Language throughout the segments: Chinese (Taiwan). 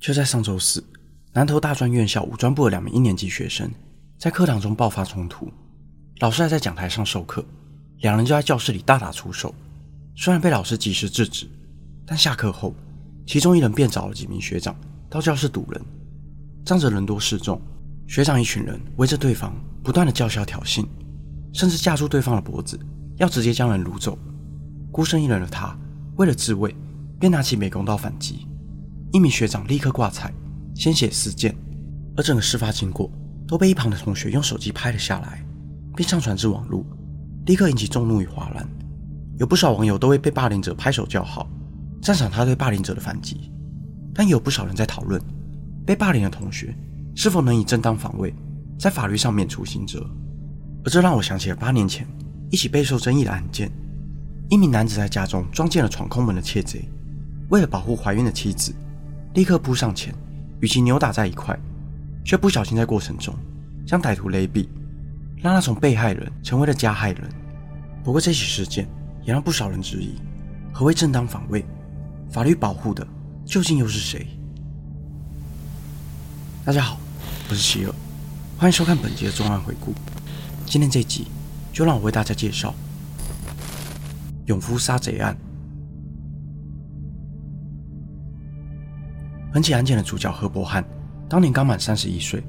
就在上週四，南投大專院校五專部的兩名一年級學生在課堂中爆發衝突，老師還在講臺上授課，兩人就在教室裡大打出手。雖然被老師及時制止，但下課後，其中一人便找了幾名學長到教室堵人，仗着人多勢眾，學長一群人圍着對方，不斷的叫囂挑釁，甚至架住對方的脖子，要直接將人擄走。孤身一人的他，為了自衛，便拿起美工刀反擊。一名學長立刻掛彩，鮮血四濺，而整個事發經過都被一旁的同學用手機拍了下來，並上傳至網絡，立刻引起眾怒與嘩然。有不少網友都為被霸凌者拍手叫好，讚賞他對霸凌者的反擊，但有不少人在討論被霸凌的同學是否能以正當防衛在法律上免除刑責。而這讓我想起了八年前一起備受爭議的案件：一名男子在家中撞見了闖空門的竊賊，為了保護懷孕的妻子。立刻撲上前，與其扭打在一塊，卻不小心在過程中將歹徒勒斃，讓他從被害人成為了加害人。不過這起事件也讓不少人質疑：何謂正當防衛？法律保護的究竟又是誰？大家好，我是希爾，歡迎收看本集的重案回顧。今天這集就讓我為大家介紹《勇夫殺賊案》。整起案件的主角何伯漢，當年剛滿三十一歲，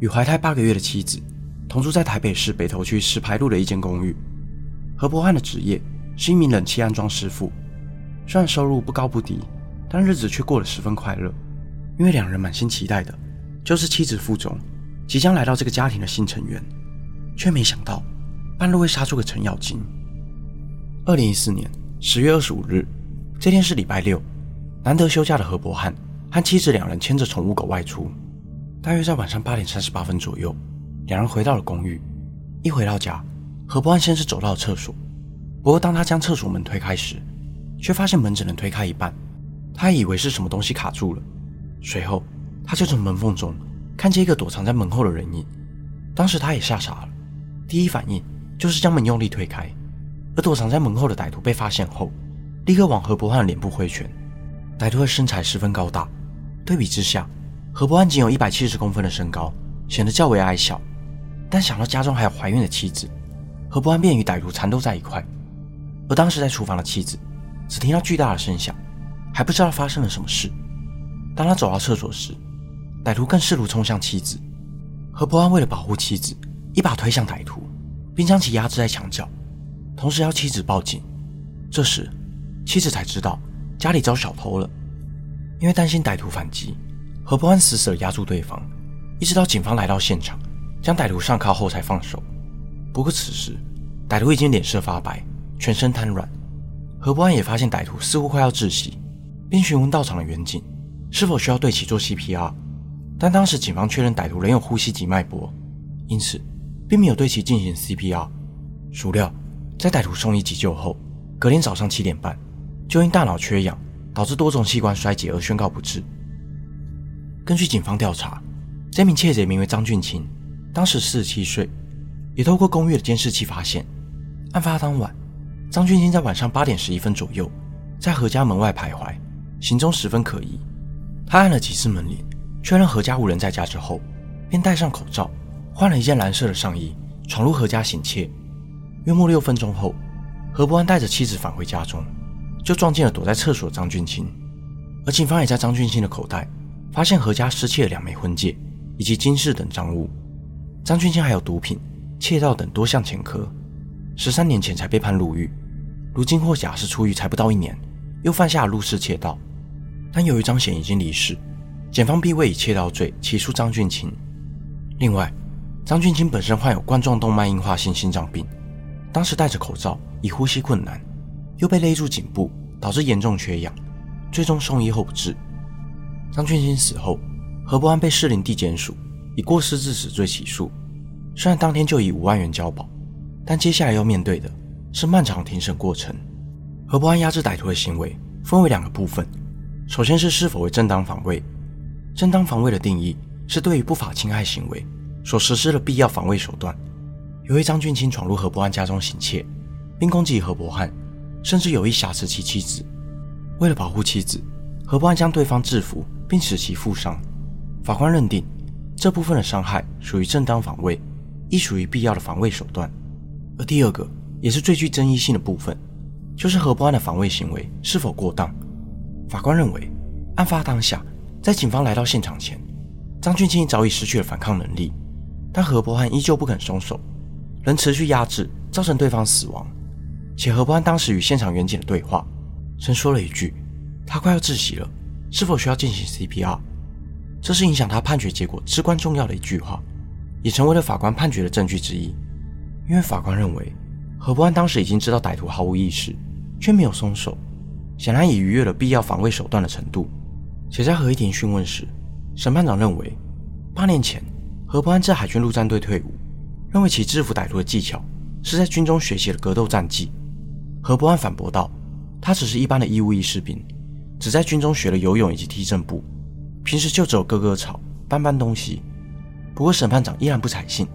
與懷胎八個月的妻子同住在台北市北投區石牌路的一間公寓。何伯漢的職業是一名冷氣安裝師傅，雖然收入不高不低，但日子卻過得十分快樂，因為兩人滿心期待的就是妻子腹中即將來到這個家庭的新成員。卻沒想到半路會殺出個程咬金。二零一四年十月二十五日，這天是禮拜六，難得休假的何伯漢。但妻子兩人牽着寵物狗外出，大約在晚上八點三十八分左右，兩人回到了公寓。一回到家，何伯漢先是走到了廁所，不過當他將廁所門推開時，卻發現門只能推開一半。他還以為是什麼東西卡住了，隨後他就從門縫中看見一個躲藏在門後的人影。當時他也嚇傻了，第一反應就是將門用力推開。而躲藏在門後的歹徒被發現後，立刻往何伯漢臉部揮拳。歹徒的身材十分高大。對比之下，何伯安僅有一百七十公分的身高，顯得較為矮小。但想到家中還有懷孕的妻子，何伯安便與歹徒纏鬥在一塊。而當時在廚房的妻子，只聽到巨大的聲響，還不知道發生了什麼事。當他走到廁所時，歹徒更試圖衝向妻子。何伯安為了保護妻子，一把推向歹徒，並將其壓制在牆角，同時要妻子報警。這時，妻子才知道家裡遭小偷了。因為擔心歹徒反擊，何伯安死死的壓住對方，一直到警方來到現場，將歹徒上銬後才放手。不過此時，歹徒已經臉色發白，全身癱軟，何伯安也發現歹徒似乎快要窒息，便詢問到場的員警是否需要對其做 CPR。但當時警方確認歹徒仍有呼吸及脈搏，因此並沒有對其進行 CPR。孰料，在歹徒送醫急救後，隔天早上七點半就因大腦缺氧。導致多種器官衰竭而宣告不治。根據警方調查，這名竊賊名為張俊清，當時四十七歲。也透過公寓的監視器發現，案發當晚，張俊清在晚上八點十一分左右，在何家門外徘徊，行蹤十分可疑。他按了幾次門鈴，確認何家無人在家之後，便戴上口罩，換了一件藍色的上衣，闖入何家行竊。約莫六分鐘後，何伯安帶着妻子返回家中。就撞見了躲在廁所的張俊清，而警方也在張俊清的口袋發現何家失竊的兩枚婚戒以及金飾等贓物。張俊清還有毒品、竊盜等多項前科，十三年前才被判入獄，如今獲假釋出獄才不到一年，又犯下了入室竊盜。但由於張顯已經離世，檢方並未以竊盜罪起訴張俊清。另外，張俊清本身患有冠狀動脈硬化性心臟病，當時戴着口罩，已呼吸困難，又被勒住頸部。導致嚴重缺氧，最終送醫後不治。張俊清死後，何伯安被士林地檢署以過失致死罪起訴。雖然當天就以五萬元交保，但接下來要面對的是漫長庭審過程。何伯安壓制歹徒的行為分為兩個部分：首先是是否為正當防衛。正當防衛的定義是對於不法侵害行為所實施的必要防衛手段。由於張俊清闖入何伯安家中行竊，並攻擊何伯安。甚至有意挾持其妻子，為了保護妻子，何伯安將對方制服並使其負傷。法官認定這部分的傷害屬於正當防衛，亦屬於必要的防衛手段。而第二個，也是最具爭議性的部分，就是何伯安的防衛行為是否過當。法官認為，案發當下，在警方來到現場前，張俊清早已失去了反抗能力，但何伯安依舊不肯鬆手，仍持續壓制，造成對方死亡。且何伯安當時與現場員警的對話，曾說了一句：“他快要窒息了，是否需要進行 CPR？” 這是影響他判決結果至關重要的一句話，也成為了法官判決的證據之一。因為法官認為，何伯安當時已經知道歹徒毫無意識，卻沒有鬆手，顯然已逾越了必要防衛手段的程度。且在合議庭訊問時，審判長認為，八年前何伯安在海軍陸戰隊退伍，認為其制服歹徒的技巧是在軍中學習的格鬥戰技。何伯安反駁道：“他只是一般的義務役士兵，只在軍中學了游泳以及踢正步，平時就走走割草，搬搬東西。不過審判長依然不採信，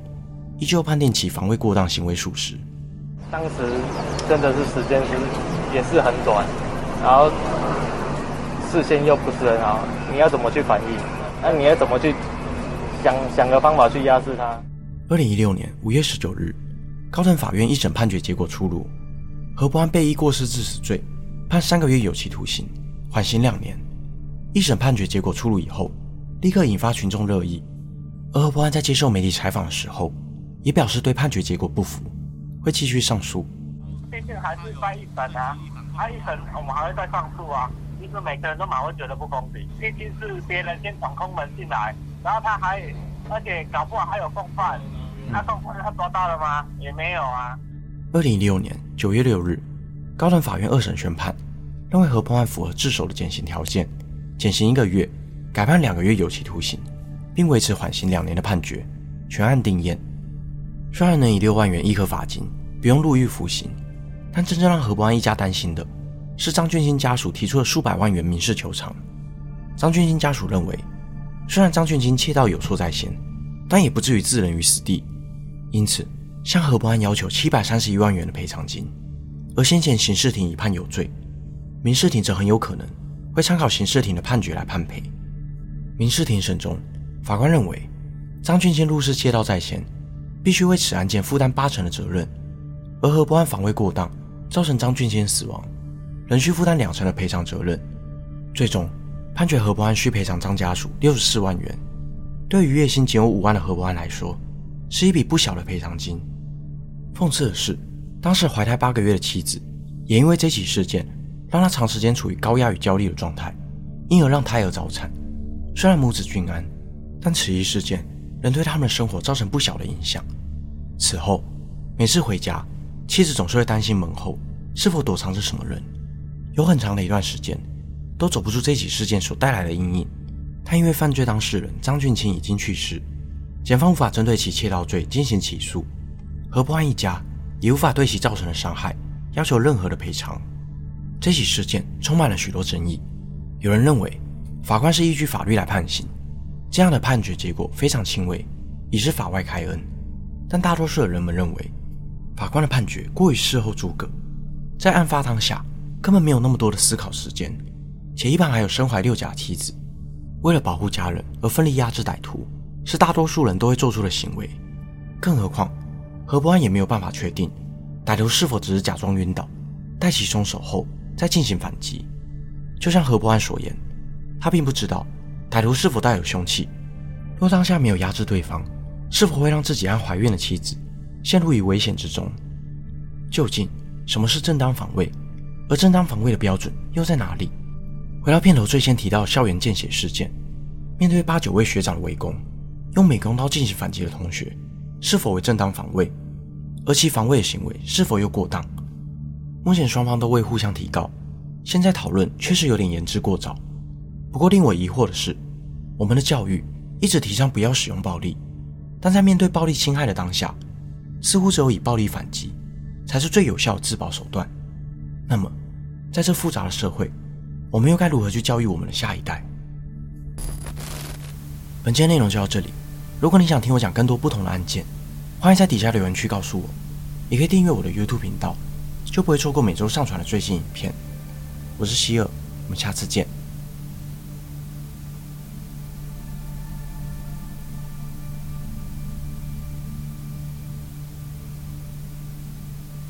依舊判定其防衛過當行為屬實。當時真的是時間是也是很短，然後視線又不是很好，你要怎麼去反應？那你要怎麼去想想個方法去壓制他？”二零一六年五月十九日，高等法院一審判決結果出爐。何伯安被依過失致死罪，判三個月有期徒刑，緩刑兩年。一審判決結果出爐以後，立刻引發群眾熱議。而何伯安在接受媒體採訪的時候，也表示對判決結果不服，會繼續上訴。畢竟還是翻一審啊，翻、嗯啊、一審，我們還會再上訴啊。因、就、實、是、每個人都蠻會覺得不公平，畢竟是別人先闖空門進來，然後他還而且搞不好還有共犯，他共犯他抓到了嗎？也沒有啊。二零一六年九月六日，高等法院二審宣判，認為何伯安符合自首的減刑條件，減刑一個月，改判兩個月有期徒刑，並維持緩刑兩年的判決，全案定讞，雖然能以六萬元易科罰金，不用入獄服刑，但真正讓何伯安一家擔心的，是張俊新家屬提出的數百萬元民事求償。張俊新家屬認為，雖然張俊興竊盜有錯在先，但也不至於置人於死地，因此。向何伯安要求七百三十一萬元的賠償金，而先前刑事庭已判有罪，民事庭則很有可能會參考刑事庭的判決來判賠。民事庭審中，法官認為張俊先入室竊盜在先，必須為此案件負擔八成的責任，而何伯安防衛過當造成張俊先死亡，仍需負擔兩成的賠償責任。最終判決何伯安需賠償張家屬六十四萬元，對於月薪僅有五萬的何伯安來說，是一筆不小的賠償金。諷刺的是，當時懷胎八個月的妻子，也因為這起事件，讓他長時間處於高壓與焦慮的狀態，因而讓胎兒早產。雖然母子均安，但此一事件仍對他們的生活造成不小的影響。此後，每次回家，妻子總是會擔心門後是否躲藏着什麼人。有很長的一段時間，都走不出這起事件所帶來的陰影。但因為犯罪當事人張俊清已經去世，檢方無法針對其竊盜罪進行起訴。何不安一家也無法對其造成的傷害要求任何的賠償。這起事件充滿了許多爭議。有人認為法官是依據法律來判刑，這樣的判決結果非常輕微，已是法外開恩。但大多數的人們認為法官的判決過於事後諸葛，在案發當下根本沒有那麼多的思考時間，且一旁還有身懷六甲的妻子，為了保護家人而奮力壓制歹徒，是大多數人都會做出的行為。更何況。何伯安也沒有辦法確定，歹徒是否只是假裝暈倒，待其鬆手後再進行反擊。就像何伯安所言，他並不知道歹徒是否帶有凶器。若當下沒有壓制對方，是否會讓自己和懷孕的妻子陷入於危險之中？究竟什麼是正當防衛？而正當防衛的標準又在哪裡？回到片頭最先提到校園見血事件，面對八九位學長的圍攻，用美工刀進行反擊的同學。是否為正當防衛，而其防衛的行為是否又過當？目前雙方都未互相提告，現在討論確實有點言之過早。不過令我疑惑的是，我們的教育一直提倡不要使用暴力，但在面對暴力侵害的當下，似乎只有以暴力反擊才是最有效的自保手段。那麼，在這複雜的社會，我們又該如何去教育我們的下一代？本期內容就到這裡。如果你想聽我講更多不同的案件，歡迎在底下留言區告訴我，也可以訂閱我的 YouTube 頻道，就不會錯過每周上傳的最新影片。我是希爾，我們下次見。